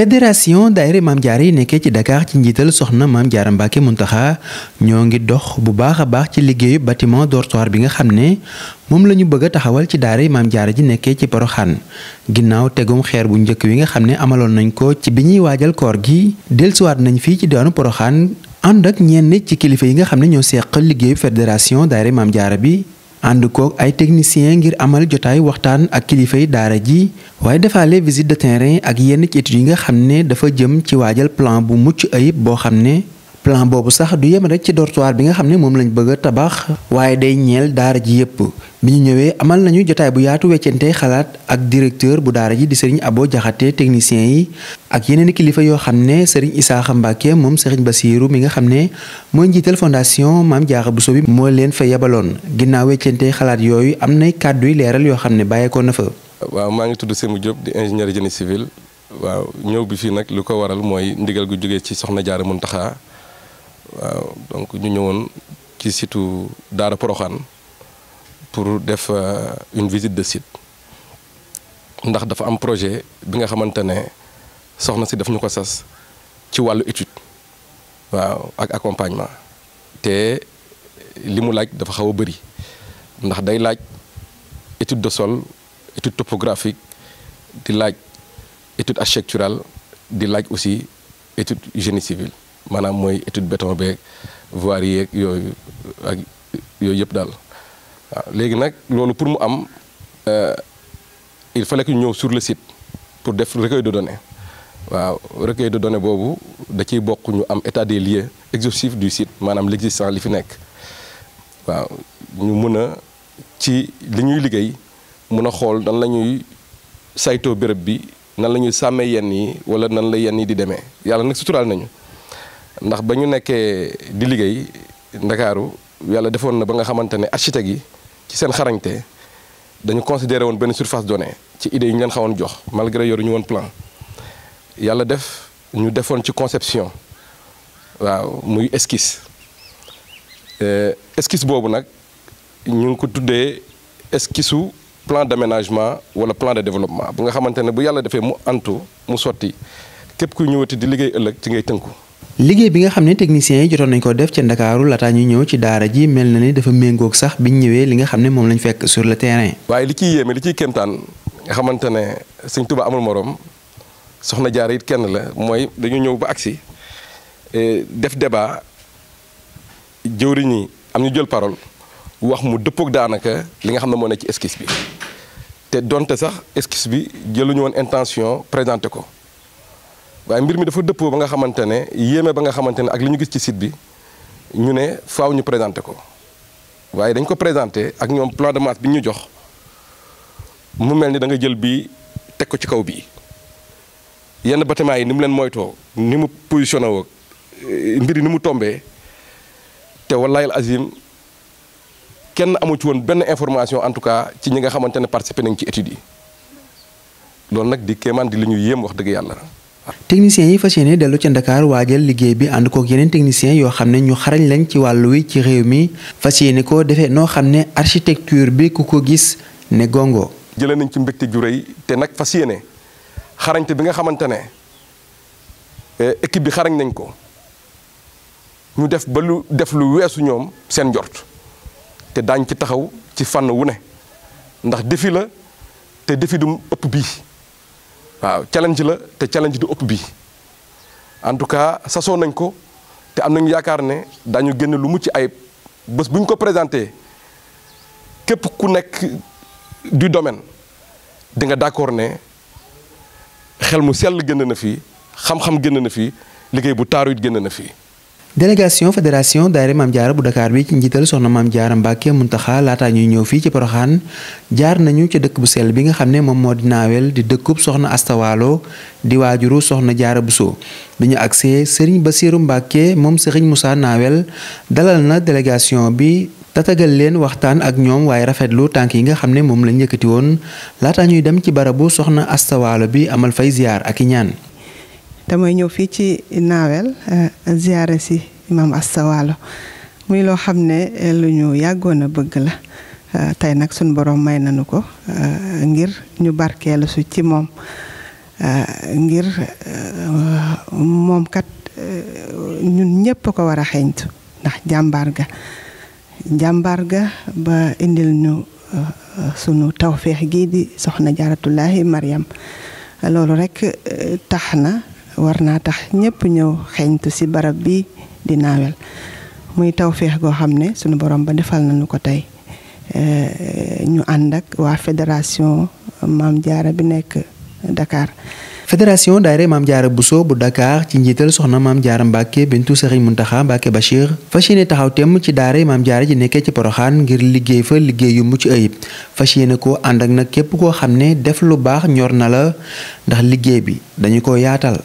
fédération daayira maam jaara yi nekkee ci Dakar ci njiital soxna maam jaara Mbacke Muntaxa ñoo ngi dox bu baax a baax ci liggéeyu bâtiment dortoir bi nga xam ne moom la ñu bëgg a taxawal ci daara yi maam jaara ji nekkee ci Poroxaan ginnaaw tegum xeer bu njëkk bi nga xam ne amaloon nañ ko ci bi ñuy waajal koor gi dellusiwaat nañu fii ci diwaanu Poroxaan ànd ak ñenn ci kilifa yi nga xam ne ñoo seq liggéeyu fédération daayira maam jaara bi ànd koog ay technicien ngir amal jotaay waxtaan ak kilifay daara ji waaye defaale visite de terrain ak yenn ci études yi nga xam ne dafa jëm ci waajal plan bu mucc ayib boo xam ne plan boobu sax du yem rek ci dortoir bi nga xam ne moom lañu bëgg a tabax waaye day ñeel daara ji yépp bi ñu ñëwee amal nañu jotaay bu yaatu weccante xalaat ak directeur bu daara ji di sëriñ aboo jaxatee technicien yi ak yeneen kilifa yoo xam ne sëriñ Isaaxa Mbàkke moom sëriñ Basiiru mi nga xam ne mooy njiital fondation Maam Jaara Buso bi moo leen fa yebaloon ginnaaw weccante xalaat yooyu am nay kàddu leeral yoo xam ne bàyyeekoon na fa. waaw maa ngi tudd Sémou Diop di ingénieur génie civil waaw ñëw bi fii lu ko waral mooy ndigal jógee ci soxna Jaara Muntaxa waaw donc ñu ñëwoon ci situ Daara Poroxaan pour def euh, une visite de site ndax dafa am projet bi nga xamante ne soxna si daf ñu ko sas ci wàllu étude waaw ak accompagnement te li mu laaj dafa xaw a bëri ndax day laaj étude de sol étude topographique di laaj étude architecturale di laaj aussi étude génie civil maanaam mooy étude béton beeg voir yeeg yooyu ak yooyu yëpp daal léegi nag loolu pour mu am euh, il fallait que ñëw sur le site pour def recueil de données waaw recueil de données boobu da ciy bokk ñu am état des lieux exhaustif du site maanaam l'existant li fi nekk waaw ñu mën a ci li ñuy liggéey mën a xool dan la ñuy saytoo béréb bi nan la ñuy sàmmee yenn yi wala nan la yenn yi di demee yàlla nag suturaal nañu ndax ba ñu nekkee di liggéey ndakaaru yàlla defoon na ba nga xamante ne architecte yi ci seen xarañte dañu considéré woon benn surface donnée ci idée yi ñu leen xawoon jox malgré yoru ñu woon plan yàlla def ñu defoon ci conception waaw muy esquisse euh, esquisse boobu nag ñu ngi ko tuddee esquisse su plan d'aménagement wala plan de développement bu nga xamante ne bu yàlla defee mu antu mu sotti képp kuy ñëwati di liggéey ëllëg ci ngay tënku liggéey bi nga xam ne techniciens yi jotoon nañ ko def ca ndakaaru lataa ñu ñëw ci daara ji mel na ni dafa méngook sax biñ ñëwee li nga xam ne moom lañ fekk sur le terrain. waaye li ciy yéeme li ciy kéemtaan nga xamante ne sëñ Tuubaa amul moroom soxna jaara it kenn la mooy dañu ñëw ba agsi eh, def débat jëwriñ yi am ñu jël parole wax mu dëppoog daanaka li nga xam ne moo ne ci eskis bi te donte sax esquisse bi jëluñu woon intention présenté ko. waaye mbir mi dafa dëppoo ba nga xamante ne yéeme ba nga xamante ne ak li ñu gis ci site bi ñu ne faw ñu présenté ko waaye dañ ko présenté ak ñoom plan de match bi ñu jox mu mel ni da nga jël bi teg ko ci kaw bii yenn bâtiment yi ni mu leen moytoo ni mu positionné woo mbir yi ni mu tombee te wallaayal azim kenn amu ci woon benn information en tout cas ci ñi nga xamante ne participé nañ ci études yi loolu nag di kéemaan di li ñu yéem wax dëgg yàlla techniciens yi fas yéene dellu ca Dakar waajal liggéey bi ànd kook yeneen techniciens yoo xam ne ñu xarañ lañ ci wàllu wi ci réew mi fas yéene ko defee noo xam ne architecture bi ku ko gis ne gongo. jële nañ ci mbégte ju rëy te nag fas yéene xarañte bi nga xamante ne eh, équipe bi xarañ nañ ko ñu def ba lu def lu weesu ñoom seen njort te daañ ci taxaw ci fànn wu ne ndax défi la te défi du ëpp bii. waaw challenge la te challenge du ëpp bi en tout cas sasoo nañ ko te am nañu yaakaar ne daañu génn lu mucc ayib bés bu ñu ko présenté képp ku nekk du domaine dinga nga d'accord ne xel mu sell génn na fii xam-xam génn na fii liggéey bu taaru it génn na fii délégation fédération daayira Maam Jaara bu Dakar bi ci njiital soxna Maam Jaara Mbàkke Muntaxa laataa ñuy ñëw fii ci Poroxaan jaar nañu ca dëkk bu sel bi nga xam ne moom moo di naawel di dëkkub soxna astawaalo di waajuru soxna Jaara Buso bi ñu agsee Sëriñ Basiiru Mbàkke moom Sëriñ Musaa naawel dalal na délégation bi tatagal leen waxtaan ak ñoom waaye rafetlu tànk yi nga xam ne moom la yëkkati woon laataa ñuy dem ci barabu soxna astawaalo bi amal fay ziyaar ak i ñaan damay ñëw fii ci naawel eh, ziyaare si imam Asta muy loo xam ne eh, lu ñu yàggoon a bëgg la eh, tey nag suñ boroom may nañu ko ngir ñu barkeelu ci moom ngir moom kat ñun ñëpp a ko war a xeeñtu ndax jàmbaar ga jàmbaar ga ba indil ñu sunu tawféex gii di soxna jaaratullahi Mariam loolu rekk tax na war naa tax ñëpp ñëw xeeñtu ci barab bi di naawel muy feex goo xam ne sunu borom ba defal nañu ko tey eh, ñu ànd ak waa fédération Maam Jaara bu nekk Dakar. fédération daayira Maam Jaara Bousso bu dakaar ci njiital soxna Maam Jaara Mbacke bintu Serigne Mountakha Mbacke Bachir fas yéene taxaw temm ci daara Maam Jaara ji nekkee ci Poroxaan ngir liggéey fa liggéey yu mucc ayib fas yéene ko ànd ak nag képp koo xam ne def lu baax ñor na la ndax liggéey bi dañu ko yaatal.